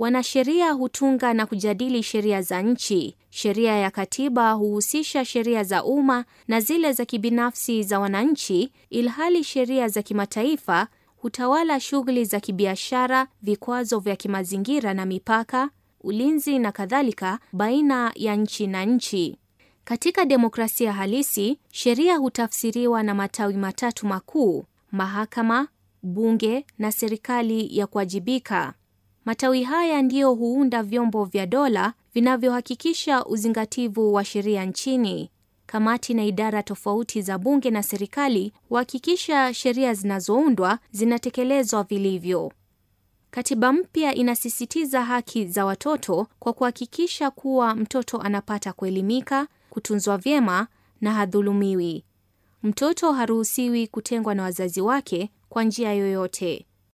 Wanasheria hutunga na kujadili sheria za nchi. Sheria ya katiba huhusisha sheria za umma na zile za kibinafsi za wananchi, ilhali sheria za kimataifa hutawala shughuli za kibiashara, vikwazo vya kimazingira na mipaka, ulinzi na kadhalika, baina ya nchi na nchi. Katika demokrasia halisi, sheria hutafsiriwa na matawi matatu makuu: mahakama, bunge na serikali ya kuwajibika. Matawi haya ndiyo huunda vyombo vya dola vinavyohakikisha uzingativu wa sheria nchini. Kamati na idara tofauti za bunge na serikali huhakikisha sheria zinazoundwa zinatekelezwa vilivyo. Katiba mpya inasisitiza haki za watoto kwa kuhakikisha kuwa mtoto anapata kuelimika, kutunzwa vyema na hadhulumiwi. Mtoto haruhusiwi kutengwa na wazazi wake kwa njia yoyote.